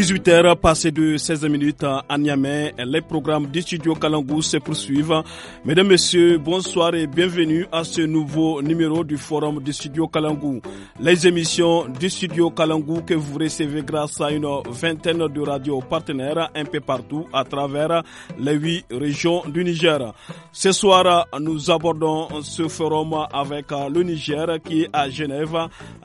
18h passé de 16 minutes à Niamey, les programmes du studio Kalangou se poursuivent. Mesdames, Messieurs, bonsoir et bienvenue à ce nouveau numéro du forum du studio Kalangou. Les émissions du studio Kalangou que vous recevez grâce à une vingtaine de radios partenaires un peu partout à travers les huit régions du Niger. Ce soir, nous abordons ce forum avec le Niger qui est à Genève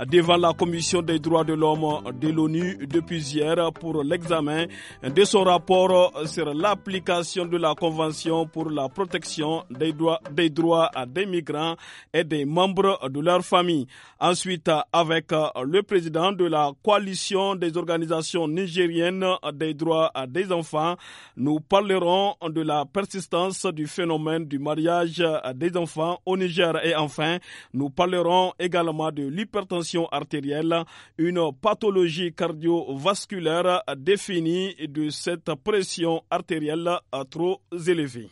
devant la Commission des droits de l'homme de l'ONU depuis hier pour l'examen de son rapport sur l'application de la Convention pour la protection des droits, des droits des migrants et des membres de leur famille. Ensuite, avec le président de la coalition des organisations nigériennes des droits des enfants, nous parlerons de la persistance du phénomène du mariage des enfants au Niger. Et enfin, nous parlerons également de l'hypertension artérielle, une pathologie cardiovasculaire définie de cette pression artérielle trop élevée.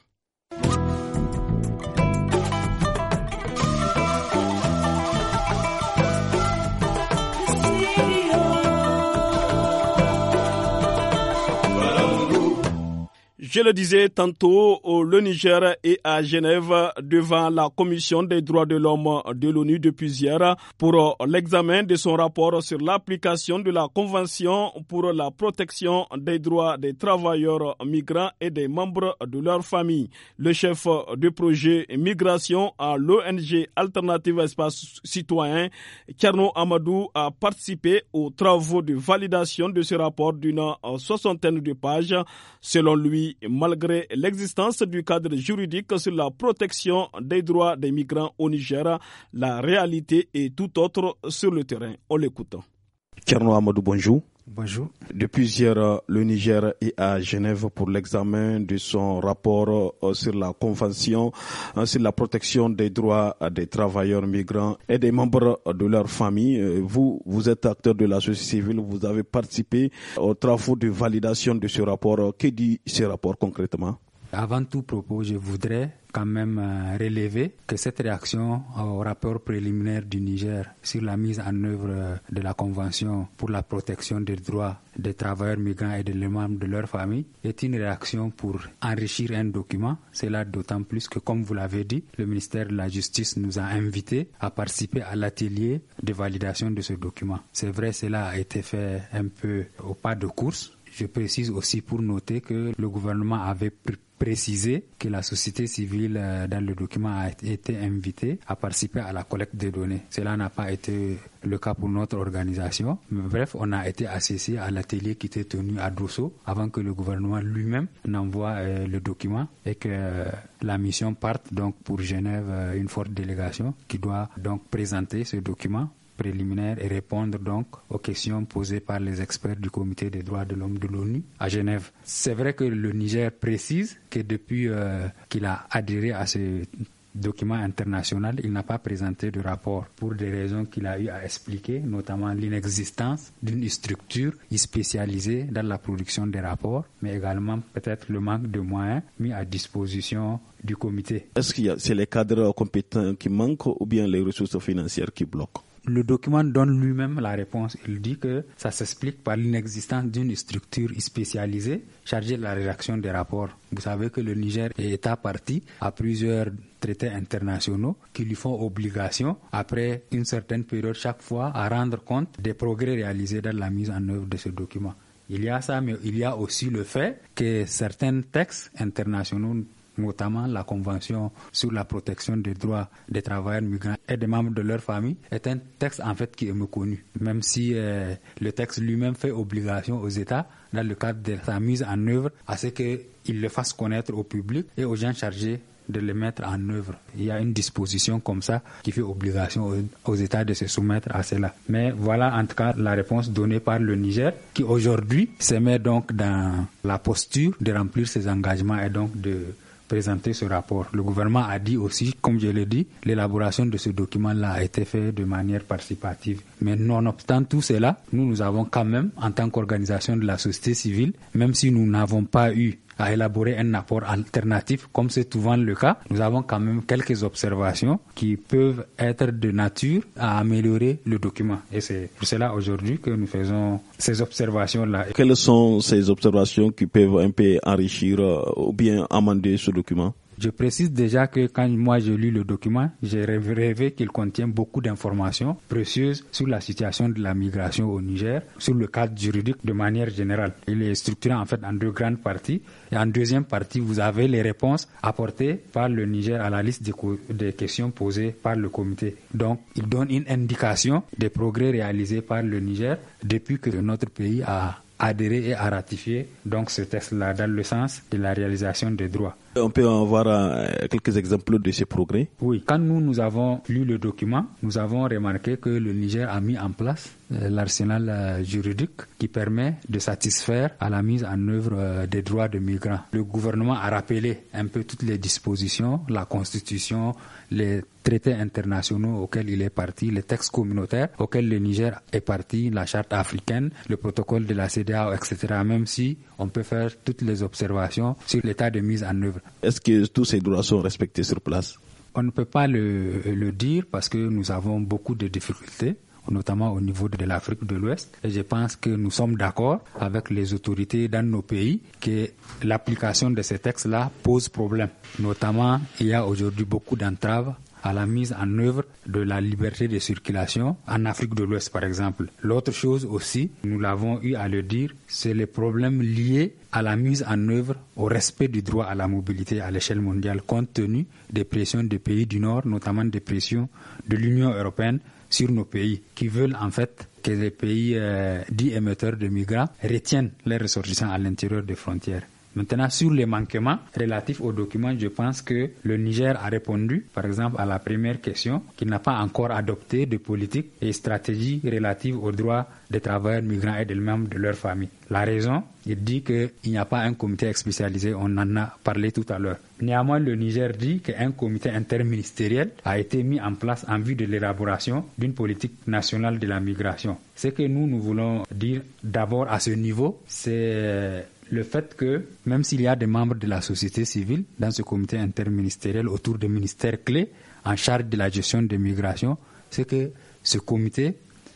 Je le disais tantôt, euh, le Niger et à Genève devant la Commission des droits de l'homme de l'ONU depuis hier pour euh, l'examen de son rapport sur l'application de la Convention pour la protection des droits des travailleurs migrants et des membres de leur famille. Le chef du projet Migration à l'ONG Alternative Espace Citoyen, Kerno Amadou, a participé aux travaux de validation de ce rapport d'une euh, soixantaine de pages. Selon lui, malgré l'existence du cadre juridique sur la protection des droits des migrants au Niger, la réalité est tout autre sur le terrain. On l'écoute. Amadou, bonjour. Bonjour. Depuis hier, euh, le Niger est à Genève pour l'examen de son rapport euh, sur la Convention euh, sur la protection des droits des travailleurs migrants et des membres de leur famille. Vous, vous êtes acteur de la société civile, vous avez participé aux travaux de validation de ce rapport. Que dit ce rapport concrètement avant tout propos, je voudrais quand même euh, relever que cette réaction au rapport préliminaire du Niger sur la mise en œuvre euh, de la Convention pour la protection des droits des travailleurs migrants et des membres de leur famille est une réaction pour enrichir un document. Cela d'autant plus que, comme vous l'avez dit, le ministère de la Justice nous a invités à participer à l'atelier de validation de ce document. C'est vrai, cela a été fait un peu au pas de course. Je précise aussi pour noter que le gouvernement avait pris préciser que la société civile euh, dans le document a été invitée à participer à la collecte des données. Cela n'a pas été le cas pour notre organisation. Mais bref, on a été associé à l'atelier qui était tenu à Dosso avant que le gouvernement lui-même n'envoie euh, le document et que euh, la mission parte donc pour Genève une forte délégation qui doit donc présenter ce document et répondre donc aux questions posées par les experts du Comité des droits de l'homme de l'ONU à Genève. C'est vrai que le Niger précise que depuis euh, qu'il a adhéré à ce document international, il n'a pas présenté de rapport pour des raisons qu'il a eu à expliquer, notamment l'inexistence d'une structure spécialisée dans la production des rapports, mais également peut-être le manque de moyens mis à disposition du comité. Est-ce que c'est les cadres compétents qui manquent ou bien les ressources financières qui bloquent le document donne lui-même la réponse. Il dit que ça s'explique par l'inexistence d'une structure spécialisée chargée de la rédaction des rapports. Vous savez que le Niger est État partie à plusieurs traités internationaux qui lui font obligation, après une certaine période chaque fois, à rendre compte des progrès réalisés dans la mise en œuvre de ce document. Il y a ça, mais il y a aussi le fait que certains textes internationaux notamment la Convention sur la protection des droits des travailleurs migrants et des membres de leur famille, est un texte en fait qui est méconnu, même si euh, le texte lui-même fait obligation aux États dans le cadre de sa mise en œuvre à ce qu'il le fasse connaître au public et aux gens chargés de le mettre en œuvre. Il y a une disposition comme ça qui fait obligation aux, États de se soumettre à cela. Mais voilà en tout cas la réponse donnée par le Niger qui aujourd'hui se met donc dans la posture de remplir ses engagements et donc de présenter ce rapport. Le gouvernement a dit aussi, comme je l'ai dit, l'élaboration de ce document-là a été faite de manière participative. Mais nonobstant tout cela, nous, nous avons quand même, en tant qu'organisation de la société civile, même si nous n'avons pas eu à élaborer un apport alternatif, comme c'est souvent le cas. Nous avons quand même quelques observations qui peuvent être de nature à améliorer le document. Et c'est pour cela aujourd'hui que nous faisons ces observations-là. Quelles sont ces observations qui peuvent un peu enrichir euh, ou bien amender ce document je précise déjà que quand moi je lis le document, j'ai rêvé qu'il contient beaucoup d'informations précieuses sur la situation de la migration au Niger, sur le cadre juridique de manière générale. Il est structuré en fait en deux grandes parties. Et en deuxième partie, vous avez les réponses apportées par le Niger à la liste des, questions posées par le comité. Donc, il donne une indication des progrès réalisés par le Niger depuis que notre pays a adhéré et a ratifié donc ce texte-là dans le sens de la réalisation des droits. On peut en voir euh, quelques exemples de ces progrès Oui, quand nous, nous avons lu le document, nous avons remarqué que le Niger a mis en place euh, l'arsenal euh, juridique qui permet de satisfaire à la mise en œuvre des droits de migrants. Le gouvernement a rappelé un peu toutes les dispositions, la constitution, les traités internationaux auxquels il est parti, les textes communautaires auxquels le Niger est parti, la charte africaine, le protocole de la CDA, etc. Même si on peut faire toutes les observations sur l'état de mise en œuvre. Est-ce que tous ces droits sont respectés sur place On ne peut pas le, dire parce que nous avons beaucoup de difficultés notamment au niveau de l'Afrique de l'Ouest. Et je pense que nous sommes d'accord avec les autorités dans nos pays que l'application de ces textes-là pose problème. Notamment, il y a aujourd'hui beaucoup d'entraves à la mise en œuvre de la liberté de circulation en Afrique de l'Ouest, par exemple. L'autre chose aussi, nous l'avons eu à le dire, c'est les problèmes liés à la mise en œuvre au respect du droit à la mobilité à l'échelle mondiale, compte tenu des pressions des pays du Nord, notamment des pressions de l'Union européenne sur nos pays, qui veulent en fait que les pays euh, dits émetteurs de migrants retiennent les ressortissants à l'intérieur des frontières. Maintenant, sur les manquements relatifs aux documents, je pense que le Niger a répondu, par exemple, à la première question, qu'il n'a pas encore adopté de politique et stratégie relative aux droits des travailleurs migrants et des membres de leur famille. La raison, il dit qu'il n'y a pas un comité spécialisé, on en a parlé tout à l'heure. Néanmoins, le Niger dit qu'un comité interministériel a été mis en place en vue de l'élaboration d'une politique nationale de la migration. Ce que nous, nous voulons dire d'abord à ce niveau, c'est le fait que même s'il y a des membres de la société civile dans ce comité interministériel autour des ministères clés en charge de la gestion des migrations, c'est que ce comité,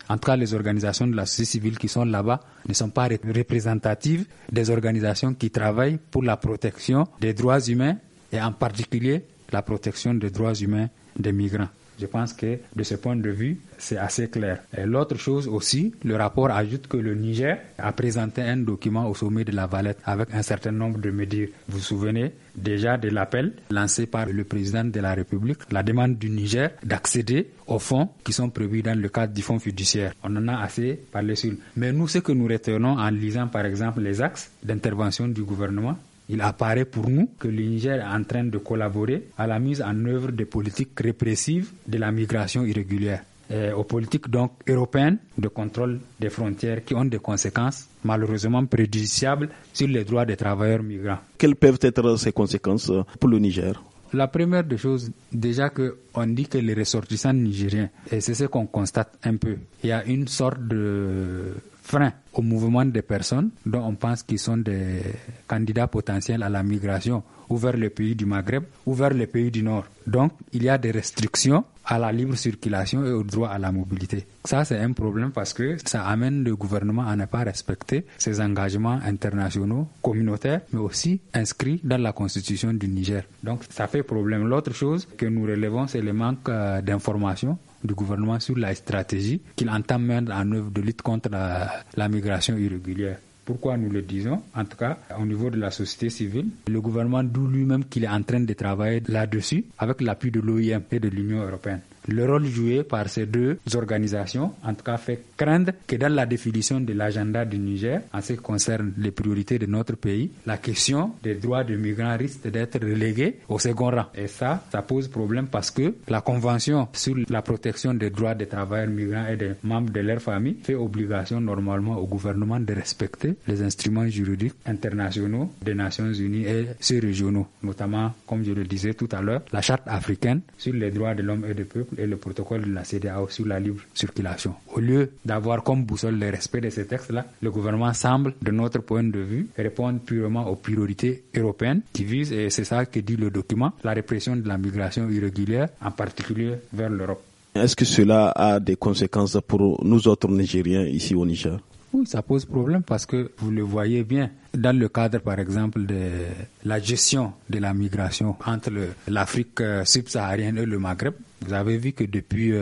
en tout cas les organisations de la société civile qui sont là-bas, ne sont pas représentatives des organisations qui travaillent pour la protection des droits humains et en particulier la protection des droits humains des migrants. Je pense que de ce point de vue, c'est assez clair. L'autre chose aussi, le rapport ajoute que le Niger a présenté un document au sommet de la Valette avec un certain nombre de médias. Vous vous souvenez déjà de l'appel lancé par le président de la République, la demande du Niger d'accéder aux fonds qui sont prévus dans le cadre du fonds fiduciaire. On en a assez parlé sur. Mais nous, ce que nous retenons en lisant par exemple les axes d'intervention du gouvernement, il apparaît pour nous que le Niger est en train de collaborer à la mise en œuvre des politiques répressives de la migration irrégulière. Euh, aux politiques donc européennes de contrôle des frontières qui ont des conséquences malheureusement préjudiciables sur les droits des travailleurs migrants. Quelles peuvent être ces conséquences euh, pour le Niger la première des choses, déjà qu'on dit que les ressortissants nigériens, et c'est ce qu'on constate un peu, il y a une sorte de frein au mouvement des personnes dont on pense qu'ils sont des candidats potentiels à la migration ou vers les pays du Maghreb ou vers les pays du Nord. Donc, il y a des restrictions à la libre circulation et au droit à la mobilité. Ça, c'est un problème parce que ça amène le gouvernement à ne pas respecter ses engagements internationaux, communautaires, mais aussi inscrits dans la constitution du Niger. Donc, ça fait problème. L'autre chose que nous relevons, c'est le manque euh, d'informations du gouvernement sur la stratégie qu'il entend mettre en œuvre de lutte contre la, migration irrégulière. Pourquoi nous le disons En tout cas, au niveau de la société civile, le gouvernement d'où lui-même qu'il est en train de travailler là-dessus avec l'appui de l'OIM et de l'Union européenne. Le rôle joué par ces deux organisations, en tout cas, fait craindre que dans la définition de l'agenda du Niger, en ce qui concerne les priorités de notre pays, la question des droits des migrants risque d'être reléguée au second rang. Et ça, ça pose problème parce que la Convention sur la protection des droits des travailleurs migrants et des membres de leur famille fait obligation normalement au gouvernement de respecter les instruments juridiques internationaux des Nations Unies et ceux régionaux, notamment, comme je le disais tout à l'heure, la Charte africaine sur les droits de l'homme et des peuples et le protocole de la CDAO sur la libre circulation. Au lieu d'avoir comme boussole le respect de ces textes-là, le gouvernement semble, de notre point de vue, répondre purement aux priorités européennes qui visent, et c'est ça que dit le document, la répression de la migration irrégulière, en particulier vers l'Europe. Est-ce que cela a des conséquences pour nous autres Nigériens ici au Niger Oui, ça pose problème parce que vous le voyez bien, dans le cadre, par exemple, de la gestion de la migration entre l'Afrique euh, subsaharienne et le Maghreb, vous avez vu que depuis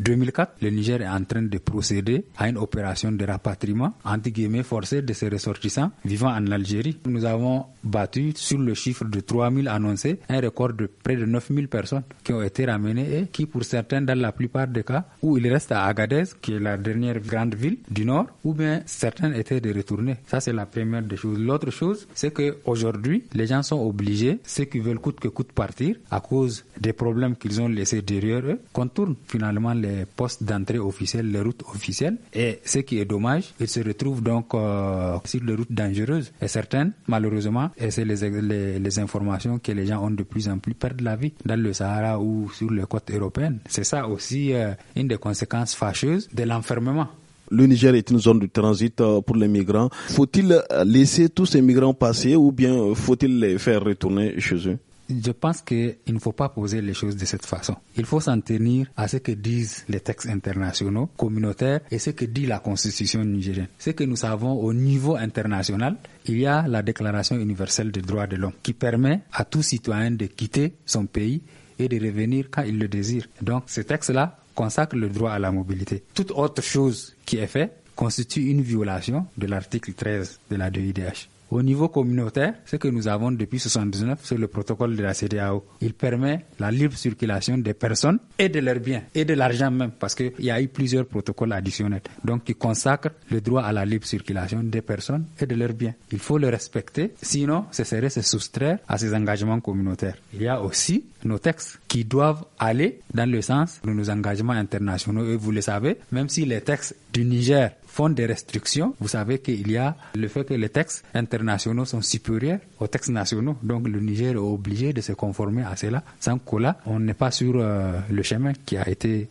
2004, euh, le Niger est en train de procéder à une opération de rapatriement, entre guillemets, forcé de ses ressortissants vivant en Algérie. Nous avons battu, sur le chiffre de 3000 annoncés, un record de près de 9000 personnes qui ont été ramenées et qui, pour certains, dans la plupart des cas, où ils restent à Agadez, qui est la dernière grande ville du Nord, ou bien certains étaient de retourner. Ça, c'est la première des choses l'autre chose, c'est qu'aujourd'hui, les gens sont obligés, ceux qui veulent coûte que coûte partir, à cause des problèmes qu'ils ont laissés derrière eux, contournent finalement les postes d'entrée officiels, les routes officielles. Et ce qui est dommage, ils se retrouvent donc euh, sur des routes dangereuses et certaines, malheureusement, et c'est les, les, informations que les gens ont de plus en plus perdent la vie dans le Sahara ou sur les côtes européennes. C'est ça aussi euh, une des conséquences fâcheuses de l'enfermement le Niger est une zone de transit euh, pour les migrants. Faut-il euh, laisser tous ces migrants passer ou bien euh, faut-il les faire retourner chez eux je pense qu'il ne faut pas poser les choses de cette façon. Il faut s'en tenir à ce que disent les textes internationaux, communautaires et ce que dit la constitution nigérienne. Ce que nous savons au niveau international, il y a la Déclaration universelle des droits de l'homme qui permet à tout citoyen de quitter son pays et de revenir quand il le désire. Donc ce texte là consacre le droit à la mobilité. Toute autre chose qui est faite constitue une violation de l'article 13 de la DIDH. Au niveau communautaire, ce que nous avons depuis 1979, c'est le protocole de la CDAO. Il permet la libre circulation des personnes et de leurs biens et de l'argent même, parce qu'il y a eu plusieurs protocoles additionnels, donc qui consacrent le droit à la libre circulation des personnes et de leurs biens. Il faut le respecter, sinon ce serait se soustraire à ces engagements communautaires. Il y a aussi nos textes qui doivent aller dans le sens de nos engagements internationaux. Et vous le savez, même si les textes du Niger font des restrictions, vous savez qu'il y a le fait que les textes internationaux sont supérieurs aux textes nationaux. Donc le Niger est obligé de se conformer à cela. Sans cela, on n'est pas sur euh, le chemin qui a été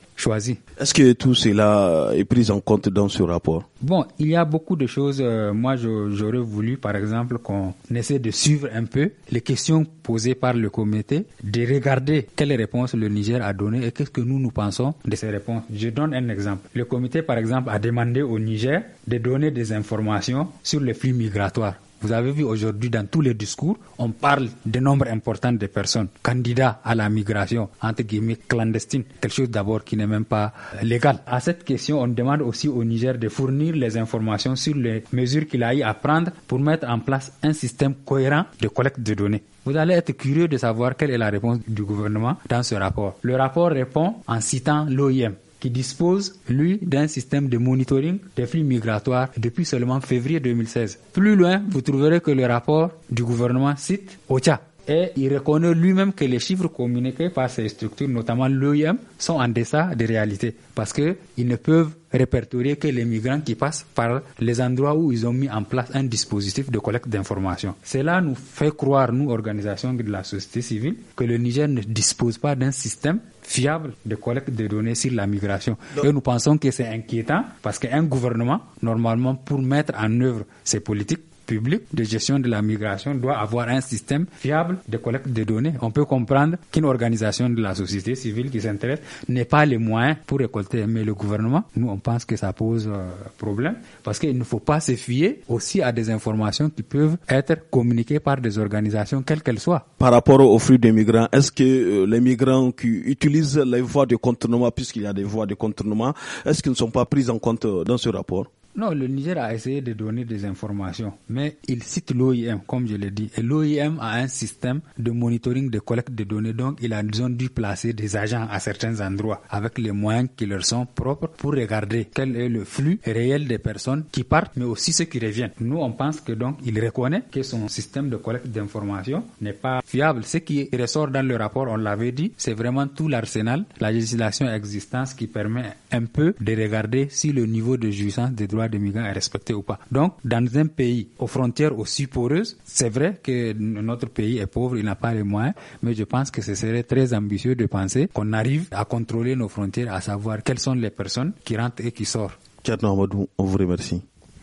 est-ce que tout cela euh, est pris en compte dans ce rapport Bon, il y a beaucoup de choses. Euh, moi, j'aurais voulu, par exemple, qu'on essaie de suivre un peu les questions posées par le comité, de regarder quelles réponses le Niger a données et qu'est-ce que nous, nous pensons de ces réponses. Je donne un exemple. Le comité, par exemple, a demandé au Niger de donner des informations sur les flux migratoires. Vous avez vu aujourd'hui dans tous les discours, on parle de nombre important de personnes candidats à la migration, entre guillemets clandestine, quelque chose d'abord qui n'est même pas légal. À cette question, on demande aussi au Niger de fournir les informations sur les mesures qu'il a eu à prendre pour mettre en place un système cohérent de collecte de données. Vous allez être curieux de savoir quelle est la réponse du gouvernement dans ce rapport. Le rapport répond en citant l'OIM qui dispose, lui, d'un système de monitoring des flux migratoires depuis seulement février 2016. Plus loin, vous trouverez que le rapport du gouvernement cite OCHA, et il reconnaît lui-même que les chiffres communiqués par ces structures, notamment l'OIM, sont en deçà des réalités parce qu'ils ne peuvent répertorier que les migrants qui passent par les endroits où ils ont mis en place un dispositif de collecte d'informations. Cela nous fait croire, nous, organisations de la société civile, que le Niger ne dispose pas d'un système fiable de collecte de données sur la migration. Et nous pensons que c'est inquiétant parce qu'un gouvernement, normalement, pour mettre en œuvre ses politiques, public de gestion de la migration doit avoir un système fiable de collecte de données. On peut comprendre qu'une organisation de la société civile qui s'intéresse n'est pas les moyens pour récolter, mais le gouvernement, nous, on pense que ça pose euh, problème parce qu'il ne faut pas se fier aussi à des informations qui peuvent être communiquées par des organisations, quelles qu'elles soient. Par rapport aux flux des migrants, est-ce que euh, les migrants qui utilisent les voies de contournement, puisqu'il y a des voies de contournement, est-ce qu'ils ne sont pas pris en compte euh, dans ce rapport? Non, le Niger a essayé de donner des informations, mais il cite l'OIM, comme je l'ai dit. Et l'OIM a un système de monitoring de collecte de données, donc ils ont dû placer des agents à certains endroits avec les moyens qui leur sont propres pour regarder quel est le flux réel des personnes qui partent, mais aussi ceux qui reviennent. Nous, on pense que donc il reconnaît que son système de collecte d'informations n'est pas fiable. Ce qui ressort dans le rapport, on l'avait dit, c'est vraiment tout l'arsenal, la législation existante qui permet un peu de regarder si le niveau de jouissance des droits des migrants est respectée ou pas. Donc, dans un pays aux frontières aussi poreuses, c'est vrai que notre pays est pauvre, il n'a pas les moyens, mais je pense que ce serait très ambitieux de penser qu'on arrive à contrôler nos frontières, à savoir quelles sont les personnes qui rentrent et qui sortent. on vous remercie.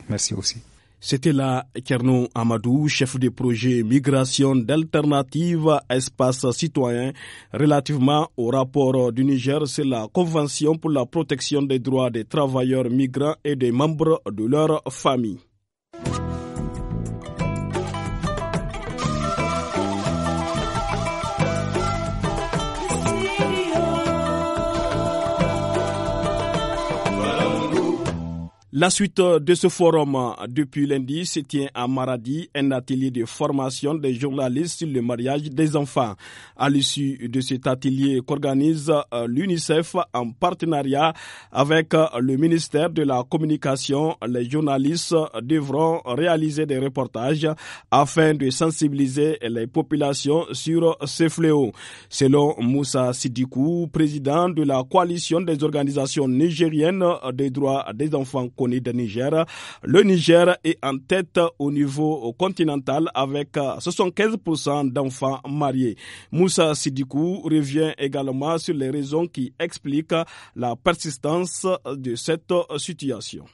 Merci aussi. C'était là Kerno Amadou, chef de projet Migration d'alternative espace citoyen relativement au rapport du Niger sur la Convention pour la protection des droits des travailleurs migrants et des membres de leur famille. La suite euh, de ce forum euh, depuis lundi se tient à Maradi, un atelier de formation des journalistes sur le mariage des enfants. À l'issue de cet atelier qu'organise euh, l'UNICEF en partenariat avec le ministère de la Communication, les journalistes devront réaliser des reportages afin de sensibiliser les populations sur ces fléaux. Selon Moussa Sidikou, président de la coalition des organisations nigériennes des droits des enfants Niger. Le Niger est en tête au niveau continental avec 75% euh, d'enfants mariés. Moussa Sidikou revient également sur les raisons qui expliquent la persistance de cette situation.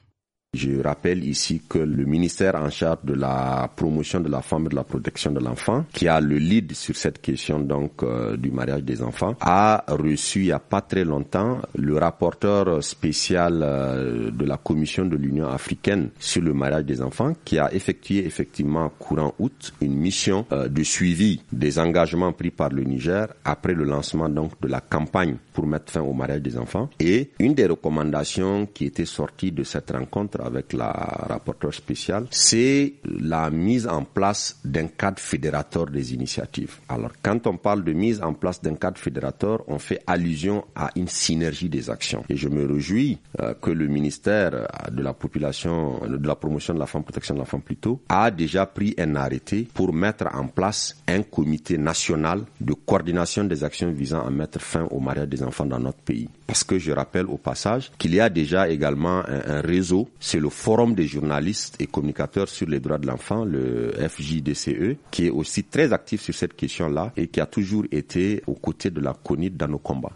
Je rappelle ici que le ministère en charge de la promotion de la femme et de la protection de l'enfant, qui a le lead sur cette question donc euh, du mariage des enfants, a reçu il n'y a pas très longtemps le rapporteur spécial euh, de la Commission de l'Union africaine sur le mariage des enfants, qui a effectué effectivement courant août une mission euh, de suivi des engagements pris par le Niger après le lancement donc de la campagne pour mettre fin au mariage des enfants. Et une des recommandations qui était sortie de cette rencontre avec la rapporteure spéciale, c'est la mise en place d'un cadre fédérateur des initiatives. Alors, quand on parle de mise en place d'un cadre fédérateur, on fait allusion à une synergie des actions. Et je me réjouis euh, que le ministère euh, de la population, euh, de la promotion de la femme, protection de la femme plutôt, a déjà pris un arrêté pour mettre en place un comité national de coordination des actions visant à mettre fin au mariage des enfants enfants dans notre pays. Parce que je rappelle au passage qu'il y a déjà également un, réseau, c'est le Forum des journalistes et communicateurs sur les droits de l'enfant, le FJDCE, qui est aussi très actif sur cette question-là et qui a toujours été aux côtés de la CONID dans nos combats.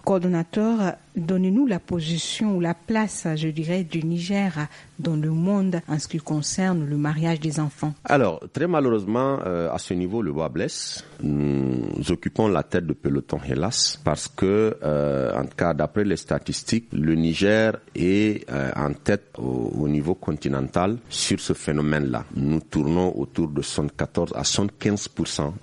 Donnez-nous la position ou la place, je dirais, du Niger dans le monde en ce qui concerne le mariage des enfants Alors, très malheureusement, euh, à ce niveau, le bois blesse. Nous occupons la tête de peloton, hélas, parce que, euh, en tout cas, d'après les statistiques, le Niger est euh, en tête au, niveau continental sur ce phénomène-là. Nous tournons autour de 74 à 75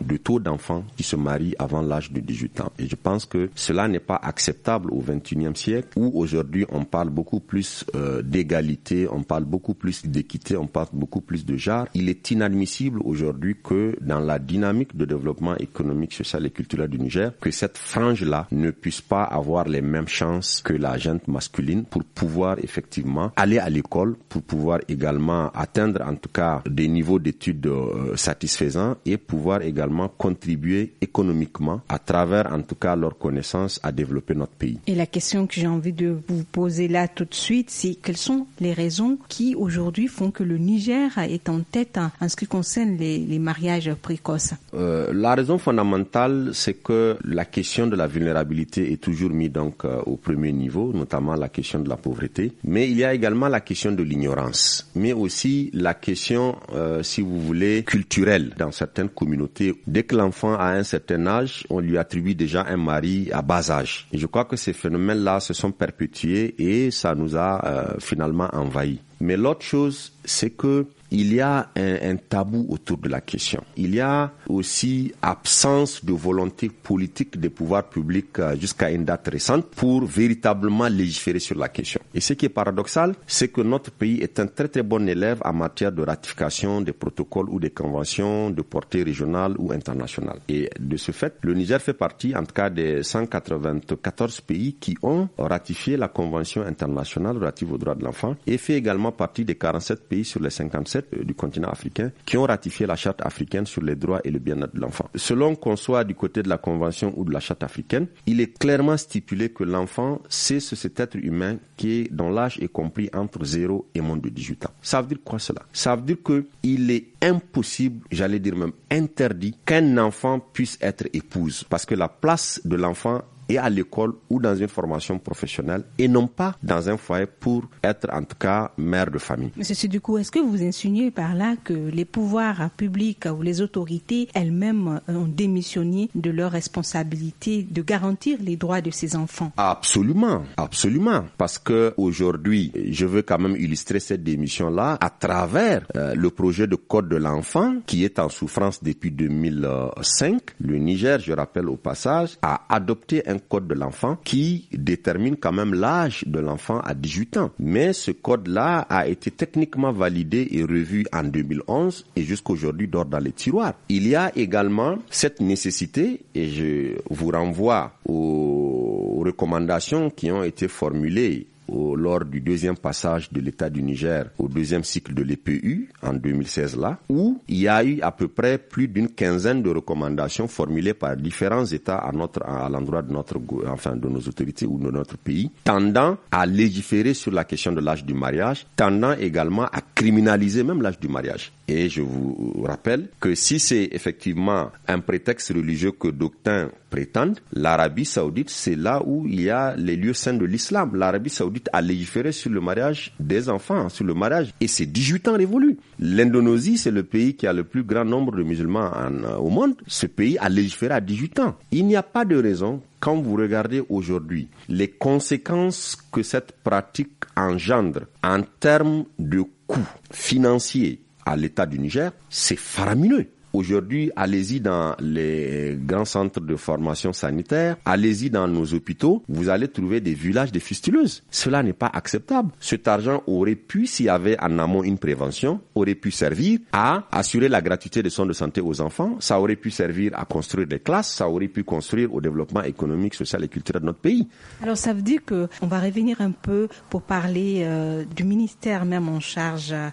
du taux d'enfants qui se marient avant l'âge de 18 ans. Et je pense que cela n'est pas acceptable au 21 siècle, où aujourd'hui on parle beaucoup plus euh, d'égalité, on parle beaucoup plus d'équité, on parle beaucoup plus de genre, il est inadmissible aujourd'hui que dans la dynamique de développement économique, social et culturel du Niger, que cette frange-là ne puisse pas avoir les mêmes chances que la gente masculine pour pouvoir effectivement aller à l'école, pour pouvoir également atteindre en tout cas des niveaux d'études euh, satisfaisants et pouvoir également contribuer économiquement à travers en tout cas leurs connaissances à développer notre pays. Et la question question que j'ai envie de vous poser là tout de suite, c'est quelles sont les raisons qui aujourd'hui font que le Niger est en tête en ce qui concerne les, mariages précoces euh, La raison fondamentale, c'est que la question de la vulnérabilité est toujours mise donc euh, au premier niveau, notamment la question de la pauvreté, mais il y a également la question de l'ignorance, mais aussi la question, euh, si vous voulez, culturelle dans certaines communautés. Dès que l'enfant a un certain âge, on lui attribue déjà un mari à bas âge. je crois que ces phénomènes là se sont perpétués et ça nous a euh, finalement envahis. Mais l'autre chose, c'est que il y a un, tabou autour de la question. Il y a aussi absence de volonté politique des pouvoirs publics euh, jusqu'à une date récente pour véritablement légiférer sur la question. Et ce qui est paradoxal, c'est que notre pays est un très très bon élève en matière de ratification des protocoles ou des conventions de portée régionale ou internationale. Et de ce fait, le Niger fait partie en tout cas des 194 pays qui ont ratifié la convention internationale relative aux droits de l'enfant et fait également partie des 47 pays sur les 57 euh, du continent africain qui ont ratifié la charte africaine sur les droits et le bien-être de l'enfant. Selon qu'on soit du côté de la convention ou de la charte africaine, il est clairement stipulé que l'enfant, c'est cet être humain qui est dans l'âge est compris entre 0 et moins de 18 ans. Ça veut dire quoi cela Ça veut dire que il est impossible, j'allais dire même interdit, qu'un enfant puisse être épouse parce que la place de l'enfant et à l'école ou dans une formation professionnelle et non pas dans un foyer pour être en tout cas mère de famille. Monsieur du est-ce que vous insinuez par là que les pouvoirs publics ou les autorités elles-mêmes euh, ont démissionné de leur responsabilité de garantir les droits de ces enfants Absolument, absolument, parce que aujourd'hui, je veux quand même illustrer cette démission-là à travers euh, le projet de code de l'enfant qui est en souffrance depuis 2005. Euh, le Niger, je rappelle au passage, a adopté un code de l'enfant qui détermine quand même l'âge de l'enfant à 18 ans. Mais ce code-là a été techniquement validé et revu en 2011 et jusqu'aujourd'hui dort dans les tiroirs. Il y a également cette nécessité, et je vous renvoie aux recommandations qui ont été formulées au, lors du deuxième passage de l'État du Niger au deuxième cycle de l'EPU en 2016 là, où il y a eu à peu près plus d'une quinzaine de recommandations formulées par différents États à notre à l'endroit de notre enfin de nos autorités ou de notre pays, tendant à légiférer sur la question de l'âge du mariage, tendant également à criminaliser même l'âge du mariage. Et je vous rappelle que si c'est effectivement un prétexte religieux que d'aucuns prétendent, l'Arabie saoudite, c'est là où il y a les lieux saints de l'islam. L'Arabie saoudite à a légiféré sur le mariage des enfants, sur le mariage, et c'est 18 ans révolu. L'Indonésie, c'est le pays qui a le plus grand nombre de musulmans euh, au monde. Ce pays a légiféré à 18 ans. Il n'y a pas de raison quand vous regardez aujourd'hui les conséquences que cette pratique engendre en termes de coûts financiers à l'État du Niger, c'est faramineux. Aujourd'hui, allez-y dans les grands centres de formation sanitaire, allez-y dans nos hôpitaux, vous allez trouver des villages de fistuleuses. Cela n'est pas acceptable. Cet argent aurait pu, s'il y avait en amont une prévention, aurait pu servir à assurer la gratuité des soins de santé aux enfants, ça aurait pu servir à construire des classes, ça aurait pu construire au développement économique, social et culturel de notre pays. Alors ça veut dire que on va revenir un peu pour parler euh, du ministère même en charge euh,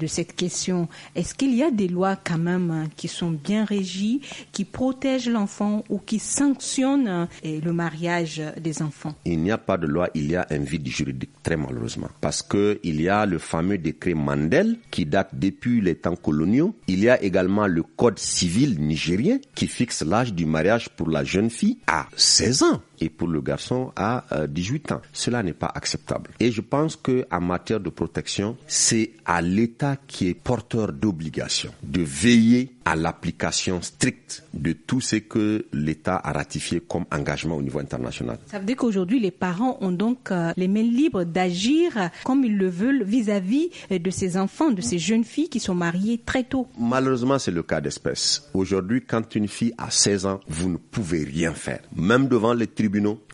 de cette question. Est-ce qu'il y a des lois quand même qui hein, qui sont bien régis, qui protègent l'enfant ou qui sanctionnent euh, le mariage des enfants. Il n'y a pas de loi, il y a un vide juridique très malheureusement parce que il y a le fameux décret Mandel qui date depuis les temps coloniaux. Il y a également le code civil nigérien qui fixe l'âge du mariage pour la jeune fille à 16 ans et pour le garçon à 18 euh, ans. Cela n'est pas acceptable. Et je pense que en matière de protection, c'est à l'État qui est porteur d'obligation de veiller à l'application stricte de tout ce que l'État a ratifié comme engagement au niveau international. Ça veut dire qu'aujourd'hui, les parents ont donc euh, les mains libres d'agir comme ils le veulent vis-à-vis -vis euh, de ces enfants, de ces jeunes filles qui sont mariées très tôt. Malheureusement, c'est le cas d'espèce. Aujourd'hui, quand une fille a 16 ans, vous ne pouvez rien faire. Même devant les tribunaux,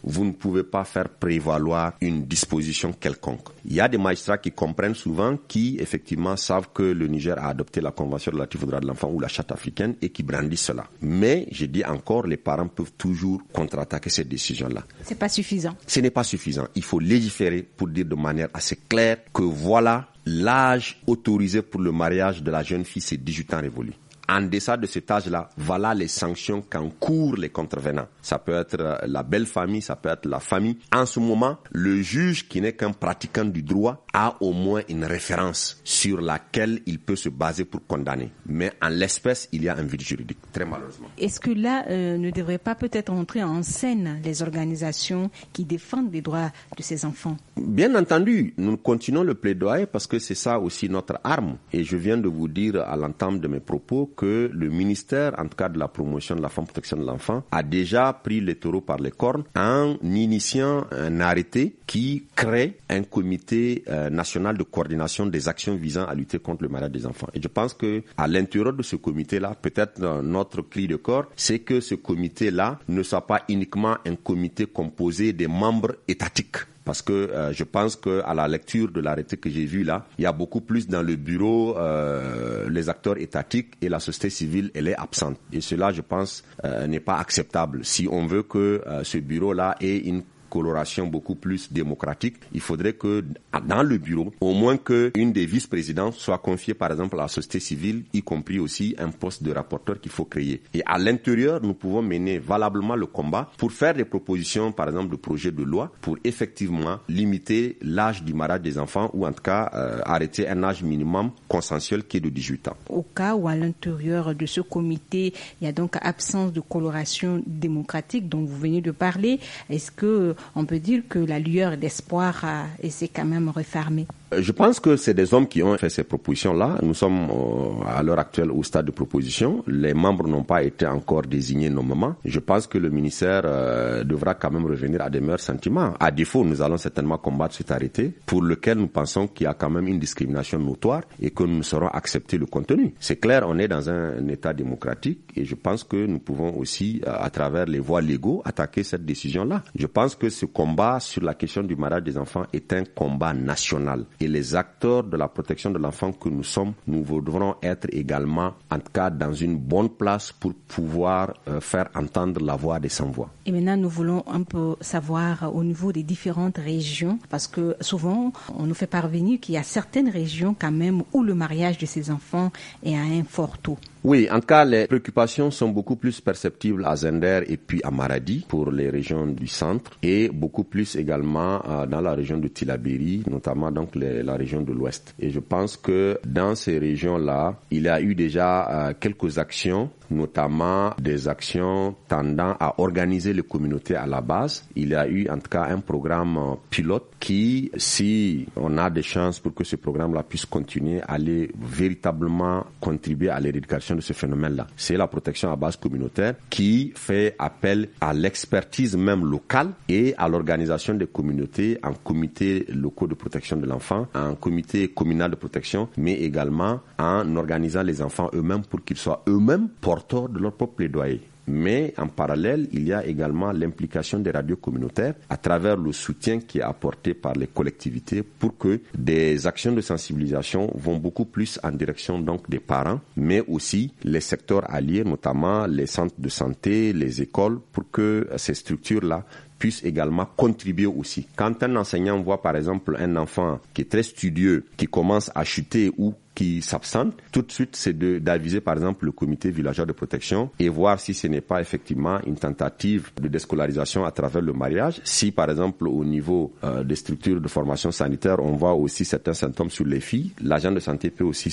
vous ne pouvez pas faire prévaloir une disposition quelconque. Il y a des magistrats qui comprennent souvent, qui effectivement savent que le Niger a adopté la Convention relative aux droits de l'enfant ou la Charte africaine et qui brandissent cela. Mais, je dis encore, les parents peuvent toujours contre-attaquer cette décision-là. C'est pas suffisant. Ce n'est pas suffisant. Il faut légiférer pour dire de manière assez claire que voilà l'âge autorisé pour le mariage de la jeune fille, c'est 18 ans révolu en deçà de cet âge-là, voilà les sanctions qu'encourent les contrevenants. Ça peut être euh, la belle famille, ça peut être la famille. En ce moment, le juge qui n'est qu'un pratiquant du droit a au moins une référence sur laquelle il peut se baser pour condamner. Mais en l'espèce, il y a un vide juridique, très malheureusement. Est-ce que là euh, ne devrait pas peut-être entrer en scène les organisations qui défendent les droits de ces enfants Bien entendu, nous continuons le plaidoyer parce que c'est ça aussi notre arme. Et je viens de vous dire à l'entente de mes propos que le ministère, en tout cas de la promotion de la femme protection de l'enfant, a déjà pris les taureaux par les cornes en initiant un arrêté qui crée un comité euh, national de coordination des actions visant à lutter contre le malade des enfants. Et je pense que à l'intérieur de ce comité-là, peut-être notre cri de corps, c'est que ce comité-là ne soit pas uniquement un comité composé des membres étatiques parce que euh, je pense que à la lecture de l'arrêté que j'ai vu là, il y a beaucoup plus dans le bureau euh, les acteurs étatiques et la société civile elle est absente et cela je pense euh, n'est pas acceptable si on veut que euh, ce bureau là ait une coloration beaucoup plus démocratique, il faudrait que dans le bureau, au moins qu'une des vice-présidents soit confiée par exemple à la société civile, y compris aussi un poste de rapporteur qu'il faut créer. Et à l'intérieur, nous pouvons mener valablement le combat pour faire des propositions, par exemple, de projet de loi pour effectivement limiter l'âge du mariage des enfants ou en tout cas euh, arrêter un âge minimum consensuel qui est de 18 ans. Au cas où à l'intérieur de ce comité, il y a donc absence de coloration démocratique dont vous venez de parler, est-ce que on peut dire que la lueur d'espoir s'est quand même refermée. Euh, je pense que c'est des hommes qui ont fait ces propositions-là. Nous sommes euh, à l'heure actuelle au stade de proposition. Les membres n'ont pas été encore désignés nommément. Je pense que le ministère euh, devra quand même revenir à des meilleurs sentiments. À défaut, nous allons certainement combattre cet arrêté pour lequel nous pensons qu'il y a quand même une discrimination notoire et que nous saurons accepter le contenu. C'est clair, on est dans un, État démocratique et je pense que nous pouvons aussi, à travers les voies légaux, attaquer cette décision-là. Je pense que ce combat sur la question du mariage des enfants est un combat national et les acteurs de la protection de l'enfant que nous sommes, nous devrons être également, en tout cas, dans une bonne place pour pouvoir euh, faire entendre la voix des sans-voix. Et maintenant, nous voulons un peu savoir au niveau des différentes régions, parce que souvent, on nous fait parvenir qu'il y a certaines régions quand même où le mariage de ces enfants est à un fort taux. Oui, en tout cas, les préoccupations sont beaucoup plus perceptibles à Zender et puis à Maradi pour les régions du centre et beaucoup plus également euh, dans la région de Tilaberi, notamment donc la région de l'ouest. Et je pense que dans ces régions-là, il y a eu déjà euh, quelques actions notamment des actions tendant à organiser les communautés à la base. Il y a eu en tout cas un programme euh, pilote qui, si on a des chances pour que ce programme-là puisse continuer, allait véritablement contribuer à l'éducation de ce phénomène-là. C'est la protection à base communautaire qui fait appel à l'expertise même locale et à l'organisation des communautés en comités locaux de protection de l'enfant, en comité communal de protection, mais également en organisant les enfants eux-mêmes pour qu'ils soient eux-mêmes porteurs de leur propre plaidoyer. Mais en parallèle, il y a également l'implication des radios communautaires à travers le soutien qui est apporté par les collectivités pour que des actions de sensibilisation vont beaucoup plus en direction donc des parents, mais aussi les secteurs alliés, notamment les centres de santé, les écoles, pour que ces structures-là puissent également contribuer aussi. Quand un enseignant voit par exemple un enfant qui est très studieux, qui commence à chuter ou qui s'absente, tout de suite, c'est d'aviser par exemple le comité villageois de protection et voir si ce n'est pas effectivement une tentative de déscolarisation à travers le mariage. Si par exemple au niveau euh, des structures de formation sanitaire, on voit aussi certains symptômes sur les filles, l'agent de santé peut aussi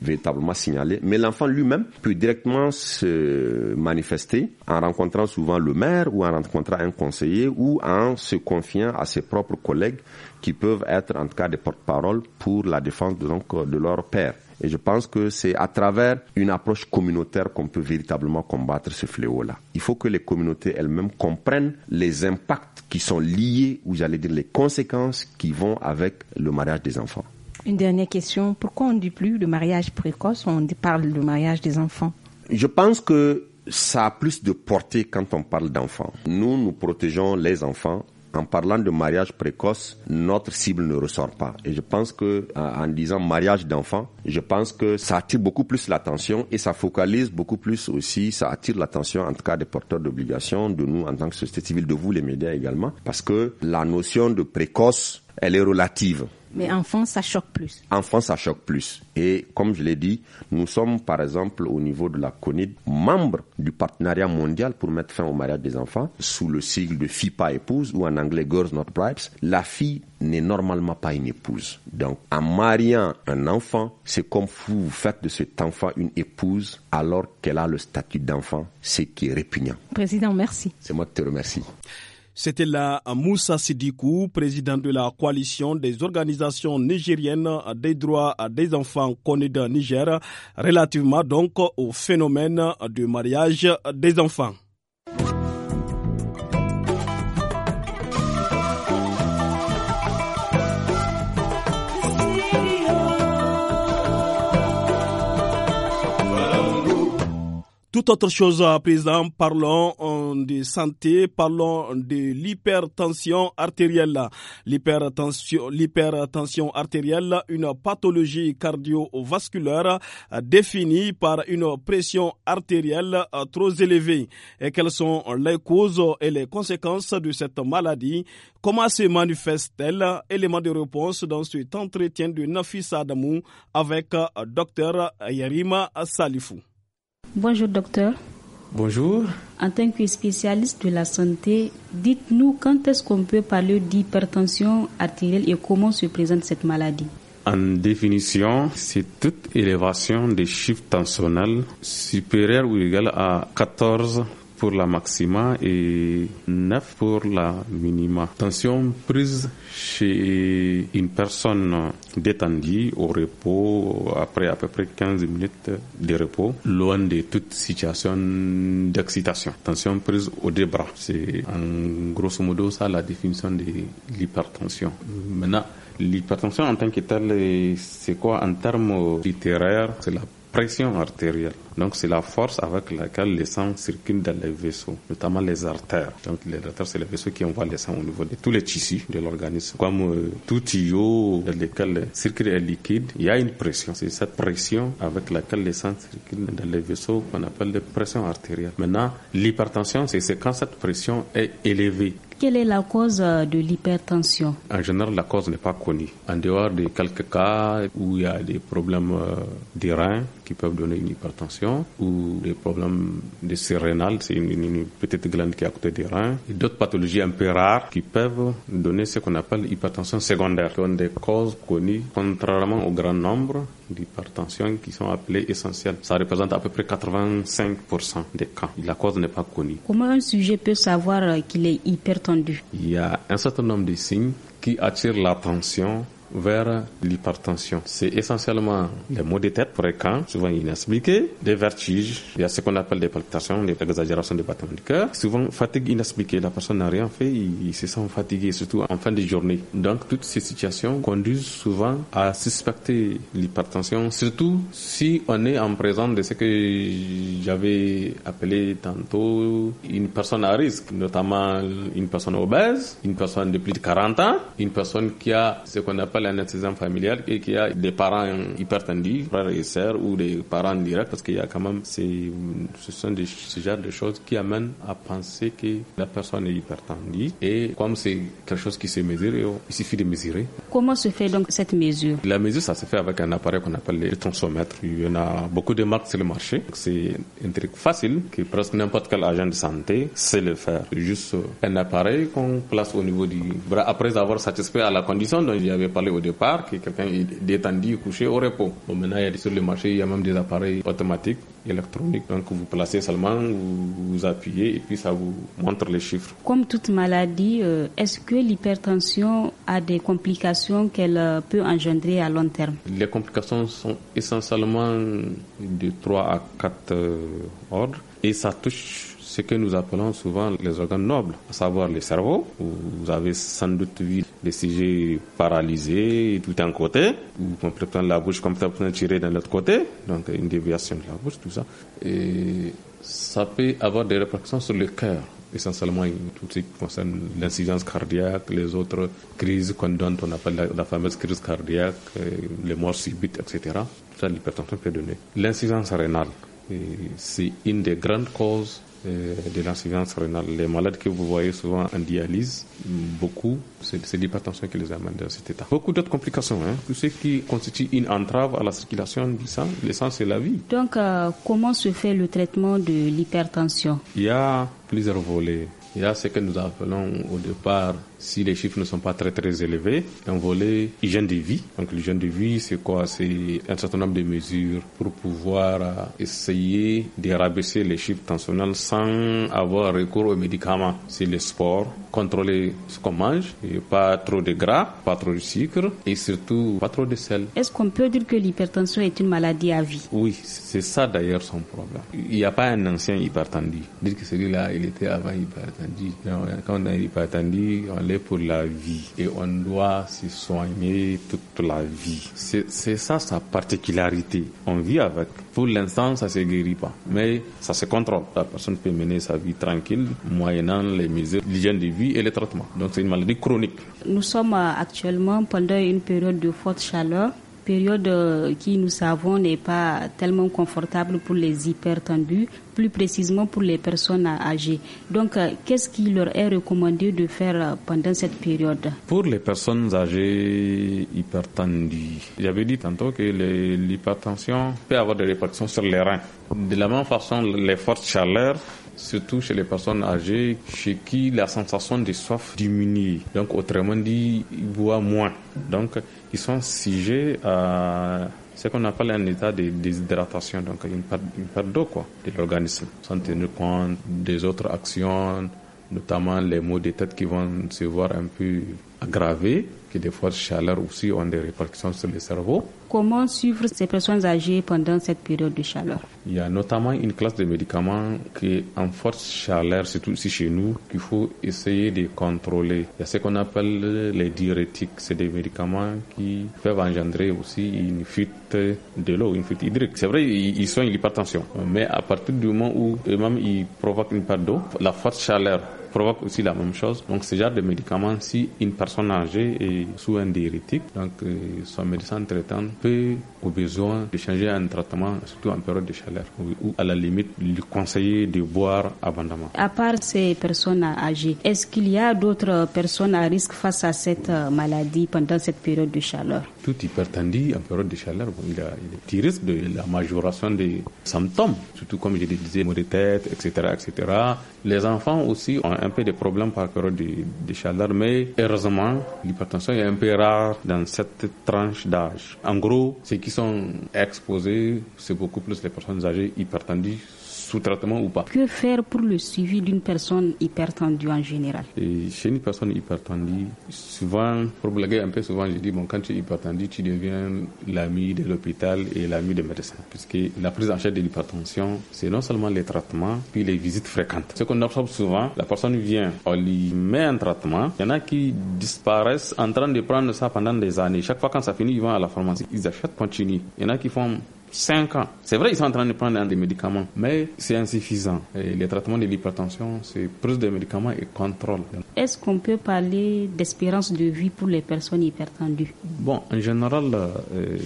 véritablement signalé. Mais l'enfant lui-même peut directement se manifester en rencontrant souvent le maire ou en rencontrant un conseiller ou en se confiant à ses propres collègues qui peuvent être en tout cas des porte-parole pour la défense de leur père. Et je pense que c'est à travers une approche communautaire qu'on peut véritablement combattre ce fléau-là. Il faut que les communautés elles-mêmes comprennent les impacts qui sont liés, ou j'allais dire les conséquences qui vont avec le mariage des enfants. Une dernière question. Pourquoi on ne dit plus le mariage précoce, on parle de mariage des enfants Je pense que ça a plus de portée quand on parle d'enfants. Nous, nous protégeons les enfants. En parlant de mariage précoce, notre cible ne ressort pas. Et je pense que, en disant mariage d'enfants, je pense que ça attire beaucoup plus l'attention et ça focalise beaucoup plus aussi, ça attire l'attention en tout cas des porteurs d'obligations, de nous en tant que société civile, de vous les médias également, parce que la notion de précoce, elle est relative. Mais en France, ça choque plus. En France, ça choque plus. Et comme je l'ai dit, nous sommes par exemple au niveau de la CONID, membres du partenariat mondial pour mettre fin au mariage des enfants, sous le sigle de FIPA épouse ou en anglais Girls Not Brides. La fille n'est normalement pas une épouse. Donc en mariant un enfant, c'est comme vous faites de cet enfant une épouse alors qu'elle a le statut d'enfant, ce qui est répugnant. Président, merci. C'est moi qui te remercie. C'était là Moussa Sidikou, président de la coalition des organisations nigériennes des droits des enfants connus Niger, relativement donc au phénomène du mariage des enfants. Tout autre chose à présent, parlons euh, de santé, parlons de l'hypertension artérielle. L'hypertension, artérielle, une pathologie cardiovasculaire euh, définie par une pression artérielle euh, trop élevée. Et quelles sont les causes et les conséquences de cette maladie Comment se manifeste-t-elle Élément de réponse dans cet entretien de Nafis Adamou avec Dr Yarima Salifou. Bonjour docteur. Bonjour. En tant que spécialiste de la santé, dites-nous quand est-ce qu'on peut parler d'hypertension artérielle et comment se présente cette maladie En définition, c'est toute élévation des chiffres tensionnels supérieure ou égale à 14 pour la maxima et 9 pour la minima. Tension prise chez une personne détendue au repos après à peu près 15 minutes de repos, loin de toute situation d'excitation. Tension prise au deux bras. C'est en grosso modo ça la définition de l'hypertension. Maintenant, l'hypertension en tant que telle, c'est quoi en termes littéraires C'est la pression artérielle. Donc c'est la force avec laquelle le sang circule dans les vaisseaux, notamment les artères. Donc les artères, c'est les vaisseaux qui envoient le sang au niveau de tous les tissus de l'organisme. Comme euh, tout tuyau dans lequel le circuit est liquide, il y a une pression. C'est cette pression avec laquelle le sang circule dans les vaisseaux qu'on appelle la pression artérielle. Maintenant, l'hypertension, c'est quand cette pression est élevée quelle est la cause euh, de l'hypertension En général, la cause n'est pas connue. En dehors de quelques cas où il y a des problèmes euh, des reins qui peuvent donner une hypertension ou des problèmes de sérénal, c'est une, petite glande qui est à côté des reins, et d'autres pathologies un peu rares qui peuvent donner ce qu'on appelle hypertension secondaire, qui des causes connues contrairement au grand nombre d'hypertension qui sont appelées essentielles. Ça représente à peu près 85% des cas. La cause n'est pas connue. Comment un sujet peut savoir euh, qu'il est hypertendu Il y a un certain nombre de signes qui attirent l'attention vers l'hypertension. C'est essentiellement les maux de tête fréquents, souvent inexpliqués, des vertiges, il y a ce qu'on appelle des palpitations, des exagérations des battements du cœur, souvent fatigue inexpliquée, la personne n'a rien fait, il se sent fatigué, surtout en fin de journée. Donc toutes ces situations conduisent souvent à suspecter l'hypertension, surtout si on est en présence de ce que j'avais appelé tantôt une personne à risque, notamment une personne obèse, une personne de plus de 40 ans, une personne qui a ce qu'on appelle la familiale et qu'il y a des parents hypertendus, frères et sœurs ou des parents directs parce qu'il y a quand même ce sont des, genre de choses qui amènent à penser que la personne est hypertendue et comme c'est quelque chose qui se mesure, il suffit de mesurer. Comment se fait donc cette mesure La mesure, ça se fait avec un appareil qu'on appelle le tensiomètre. Il y en a beaucoup de marques sur le marché. C'est un truc facile que presque n'importe quel agent de santé sait le faire. Juste un appareil qu'on place au niveau du bras après avoir satisfait à la condition dont j'avais parlé au départ, que quelqu'un est détendu, couché au repos. maintenant, il y a, sur le marché, il y a même des appareils automatiques, électroniques. Donc, vous placez seulement, vous, vous appuyez et puis ça vous montre les chiffres. Comme toute maladie, euh, est-ce que l'hypertension a des complications qu'elle euh, peut engendrer à long terme Les complications sont essentiellement de 3 à 4 euh, ordres et ça touche ce que nous appelons souvent les organes nobles, à savoir les cerveaux. Vous avez sans doute vu les sujets paralysés tout d'un côté, ou prendre la bouche complètement tirer de l'autre côté, donc une déviation de la bouche, tout ça. Et ça peut avoir des répercussions sur le cœur essentiellement tout ce qui concerne l'incidence cardiaque, les autres crises qu'on donne, on appelle la, la, fameuse crise cardiaque, euh, les morts subites, etc. Tout ça, l'hypertension peut donner. L'incidence rénale, c'est une des grandes causes euh, de l'insuffisance rénale. Les malades que vous voyez souvent en dialyse, beaucoup, c'est l'hypertension qui les amène dans cet état. Beaucoup d'autres complications, hein, tout ce qui constitue une entrave à la circulation du sang. Le sang, c'est la vie. Donc, euh, comment se fait le traitement de l'hypertension Il y a plusieurs volets. Il y a ce que nous appelons au départ si les chiffres ne sont pas très très élevés, un volet hygiène de vie. Donc l'hygiène de vie, c'est quoi C'est un certain nombre de mesures pour pouvoir euh, essayer de rabaisser les chiffres tensionnels sans avoir recours aux médicaments. C'est le sport, contrôler ce qu'on mange, pas trop de gras, pas trop de sucre et surtout pas trop de sel. Est-ce qu'on peut dire que l'hypertension est une maladie à vie Oui, c'est ça d'ailleurs son problème. Il n'y a pas un ancien hypertendu. Dire que celui-là, il était avant hypertendu. Quand on a hypertendu, pour la vie et on doit se soigner toute la vie. C'est ça sa particularité. On vit avec. Pour l'instant, ça se guérit pas, mais ça se contrôle. La personne peut mener sa vie tranquille, moyennant les mesures d'hygiène de vie et les traitements. Donc c'est une maladie chronique. Nous sommes euh, actuellement pendant une période de forte chaleur période euh, qui, nous savons, n'est pas tellement confortable pour les hypertendus, plus précisément pour les personnes âgées. Donc, euh, qu'est-ce qui leur est recommandé de faire euh, pendant cette période Pour les personnes âgées hypertendues, j'avais dit tantôt que l'hypertension peut avoir des répercussions sur les reins. De la même façon, les fortes chaleurs surtout chez les personnes âgées, chez qui la sensation de soif diminue. Donc, autrement dit, ils boivent moins. Donc, qui sont sujets à ce qu'on appelle un état de déshydratation, donc une perte, d'eau quoi, de l'organisme, sans tenir compte des autres actions, notamment les maux de tête qui vont se voir un peu aggravés, qui des fois chaleur aussi ont des répercussions sur le cerveau. Comment suivre ces personnes âgées pendant cette période de chaleur Il y a notamment une classe de médicaments qui, en forte chaleur, surtout aussi chez nous, qu'il faut essayer de contrôler. Il y a ce qu'on appelle les diurétiques. C'est des médicaments qui peuvent engendrer aussi une fuite de l'eau, une fuite hydrique. C'est vrai, ils soignent l'hypertension. Mais à partir du moment où eux-mêmes ils provoquent une perte d'eau, la forte chaleur provoque aussi la même chose. Donc, ce genre de médicaments, si une personne âgée est sous un diurétique, donc euh, son médecin traitant peut, au besoin, de changer un traitement, surtout en période de chaleur, ou, à la limite, lui conseiller de boire abondamment. À part ces personnes âgées, est-ce qu'il y a d'autres personnes à risque face à cette euh, maladie pendant cette période de chaleur Tout hypertendit en période de chaleur, il y a des petits risques de la majoration des symptômes, surtout comme je le disais, maux de tête, etc., etc. Les enfants aussi ont un peu des problèmes par rapport du, du chaleur, mais heureusement, l'hypertension est un peu rare dans cette tranche d'âge. En gros, ceux qui sont exposés, c'est beaucoup plus les personnes âgées hypertendues sous traitement ou pas. Que faire pour le suivi d'une personne hypertendue en général Et Chez une personne hypertendue, souvent, pour blaguer un peu, souvent je dis, bon, quand tu es hypertendu, tu deviens l'ami de l'hôpital et l'ami des médecins. Puisque la prise en charge de l'hypertension, c'est non seulement les traitements, puis les visites fréquentes. Ce qu'on observe souvent, la personne vient, on lui met un traitement. Il y en a qui disparaissent en train de prendre ça pendant des années. Chaque fois quand ça finit, ils vont à la pharmacie. Ils achètent, continuent. Il y en a qui font 5 ans. C'est vrai, ils sont en train de prendre des médicaments, mais c'est insuffisant. Et les traitements de l'hypertension, c'est plus de médicaments et contrôle. Est-ce qu'on peut parler d'espérance de vie pour les personnes hypertendues Bon, en général, euh,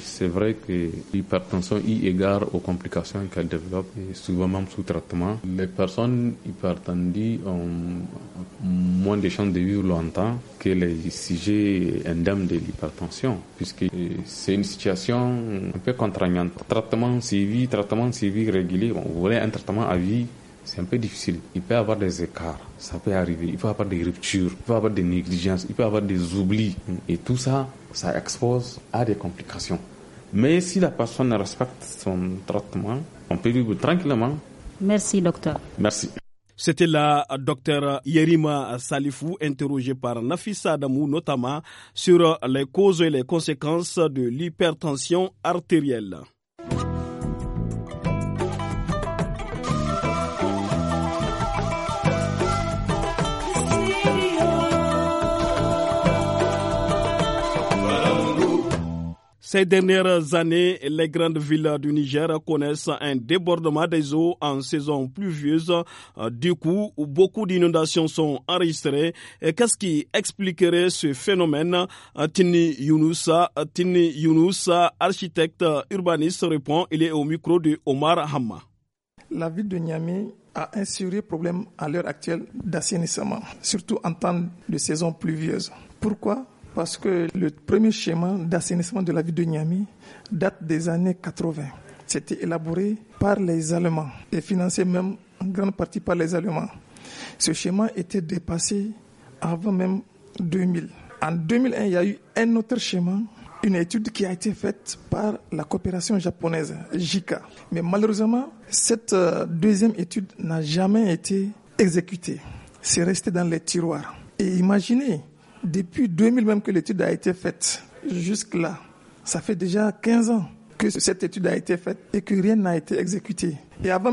c'est vrai que l'hypertension, y égard aux complications qu'elle développe, souvent même sous traitement, les personnes hypertendues ont moins de chances de vivre longtemps que les sujets indemnes de l'hypertension, puisque euh, c'est une situation un peu contraignante traitement suivi, traitement suivi régulier. vous voulez un traitement à vie, c'est un peu difficile. Il peut y avoir des écarts, ça peut arriver. Il peut y avoir des ruptures, il peut y avoir des négligences, il peut y avoir des oublis. Et tout ça, ça expose à des complications. Mais si la personne respecte son traitement, on peut vivre tranquillement. Merci, docteur. Merci. C'était la docteur Yerima Salifou, interrogée par Nafissa Adamou, notamment sur les causes et les conséquences de l'hypertension artérielle. Ces dernières années, les grandes villes du Niger connaissent un débordement des eaux en saison pluvieuse. Euh, du coup, beaucoup d'inondations sont enregistrées. Qu'est-ce qui expliquerait ce phénomène euh, Tini Younousa, euh, Tini architecte urbaniste, répond. Il est au micro de Omar Hamma. La ville de Niamey a un sérieux problème à l'heure actuelle d'assainissement, surtout en temps de saison pluvieuse. Pourquoi parce que le premier schéma d'assainissement de la ville de Niamey date des années 80. C'était élaboré par les Allemands et financé même en grande partie par les Allemands. Ce schéma était dépassé avant même 2000. En 2001, il y a eu un autre schéma, une étude qui a été faite par la coopération japonaise, JICA. Mais malheureusement, cette euh, deuxième étude n'a jamais été exécutée. C'est resté dans les tiroirs. Et imaginez, depuis 2000 même que l'étude a été faite, jusque-là, ça fait déjà 15 ans que cette étude a été faite et que rien n'a été exécuté. Et avant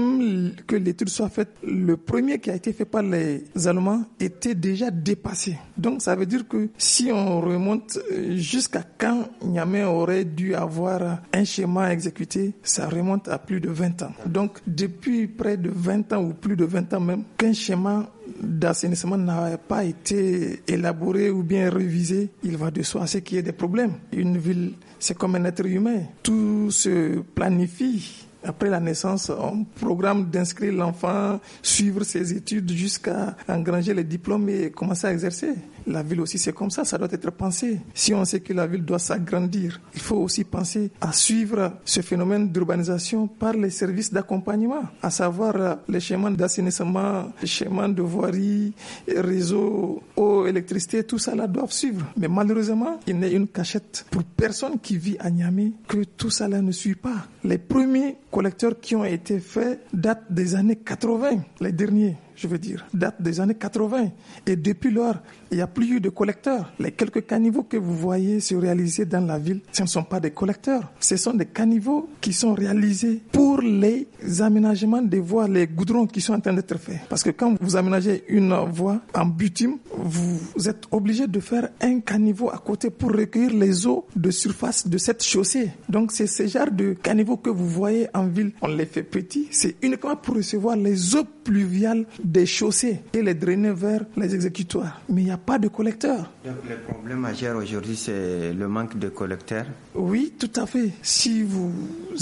que l'étude soit faite, le premier qui a été fait par les Allemands était déjà dépassé. Donc ça veut dire que si on remonte euh, jusqu'à quand Niamey aurait dû avoir un schéma exécuté, ça remonte à plus de 20 ans. Donc depuis près de 20 ans ou plus de 20 ans même, qu'un schéma d'assainissement n'a pas été élaboré ou bien révisé, il va de soi ce qu'il y ait des problèmes. Une ville, c'est comme un être humain. Tout se planifie après la naissance, on programme d'inscrire l'enfant, suivre ses études jusqu'à engranger les diplômes et commencer à exercer. La ville aussi, c'est comme ça, ça doit être pensé. Si on sait que la ville doit s'agrandir, il faut aussi penser à suivre ce phénomène d'urbanisation par les services d'accompagnement, à savoir euh, les schémas d'assainissement, les schémas de voirie, réseaux eau, électricité, tout ça là doivent suivre. Mais malheureusement, il n'est une cachette pour personne qui vit à Niamey que tout ça là ne suit pas. Les premiers collecteurs qui ont été faits datent des années 80, les derniers je veux dire, date des années 80. Et depuis lors, il n'y a plus eu de collecteurs. Les quelques caniveaux que vous voyez se réaliser dans la ville, ce ne sont pas des collecteurs. Ce sont des caniveaux qui sont réalisés pour les aménagements des voies, les goudrons qui sont en train d'être faits. Parce que quand vous aménagez une voie en butime, vous êtes obligé de faire un caniveau à côté pour recueillir les eaux de surface de cette chaussée. Donc c'est ce genre de caniveaux que vous voyez en ville. On les fait petits. C'est uniquement pour recevoir les eaux pluviales des chaussées et les drainer vers les exécutoires. Mais il n'y a pas de collecteurs. Donc le problème majeur aujourd'hui, c'est le manque de collecteurs Oui, tout à fait. Si vous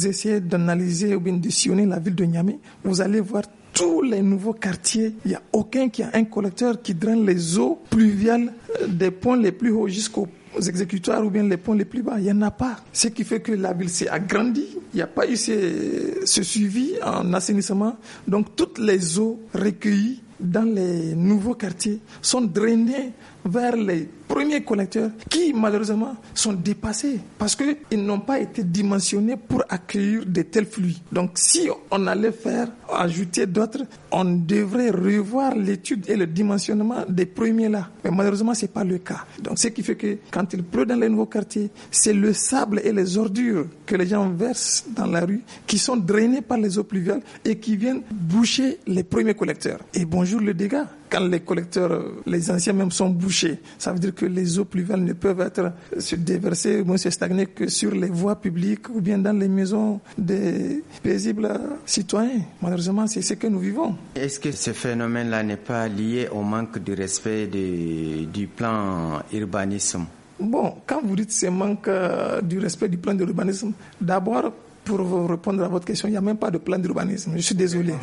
essayez d'analyser ou bien de sillonner la ville de Niamey, vous allez voir tous les nouveaux quartiers, il n'y a aucun qui a un collecteur qui draine les eaux pluviales euh, des ponts les plus hauts jusqu'au aux exécutoires ou bien les ponts les plus bas. Il n'y en a pas. Ce qui fait que la ville s'est agrandie. Il n'y a pas eu ce, ce suivi en assainissement. Donc toutes les eaux recueillies dans les nouveaux quartiers sont drainées vers les premiers collecteurs qui, malheureusement, sont dépassés parce qu'ils n'ont pas été dimensionnés pour accueillir de tels flux. Donc, si on allait faire ajouter d'autres, on devrait revoir l'étude et le dimensionnement des premiers là. Mais malheureusement, ce n'est pas le cas. Donc, ce qui fait que quand il pleut dans les nouveaux quartiers, c'est le sable et les ordures que les gens versent dans la rue qui sont drainés par les eaux pluviales et qui viennent boucher les premiers collecteurs. Et bonjour le dégât. Quand les collecteurs, euh, les anciens même sont bouchés, ça veut dire que que les eaux pluviales ne peuvent être euh, déversées ou se que sur les voies publiques ou bien dans les maisons des paisibles citoyens. Malheureusement, c'est ce que nous vivons. Est-ce que ce phénomène-là n'est pas lié au manque de respect du plan urbanisme Bon, quand vous dites ce manque euh, du respect du plan l'urbanisme, d'abord, pour répondre à votre question, il n'y a même pas de plan d'urbanisme. Je suis désolé.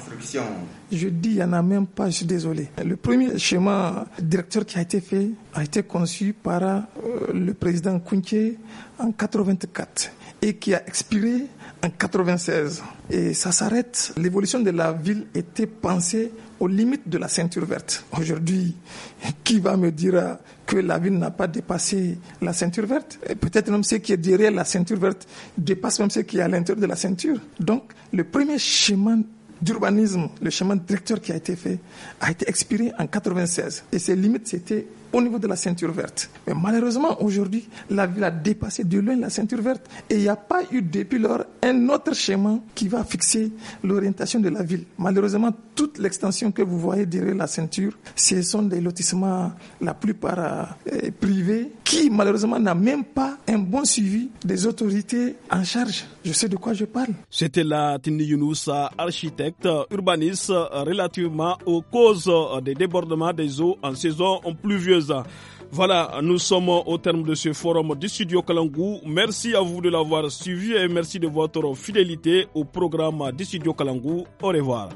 Je dis, il n'y en a même pas, je suis désolé. Le premier schéma directeur qui a été fait a été conçu par euh, le président Kounke en 1984 et qui a expiré en 96. Et ça s'arrête. L'évolution de la ville était pensée aux limites de la ceinture verte. Aujourd'hui, qui va me dire que la ville n'a pas dépassé la ceinture verte Peut-être même ce qui est derrière la ceinture verte dépasse même ce qui est à l'intérieur de la ceinture. Donc, le premier schéma d'urbanisme, le schéma directeur qui a été fait, a été expiré en 96. Et ses limites, c'était au niveau de la ceinture verte. Mais malheureusement, aujourd'hui, la ville a dépassé de loin la ceinture verte et il n'y a pas eu depuis lors un autre schéma qui va fixer l'orientation de la ville. Malheureusement, toute l'extension que vous voyez derrière la ceinture, ce sont des lotissements, la plupart euh, euh, privés, qui malheureusement n'a même pas un bon suivi des autorités en charge. Je sais de quoi je parle. C'était la Tini Younous, architecte urbaniste, relativement aux causes des débordements des eaux en saison pluvieuse. Voilà, nous sommes au terme de ce forum du studio Kalangou. Merci à vous de l'avoir suivi et merci de votre fidélité au programme du studio Kalangou. Au revoir.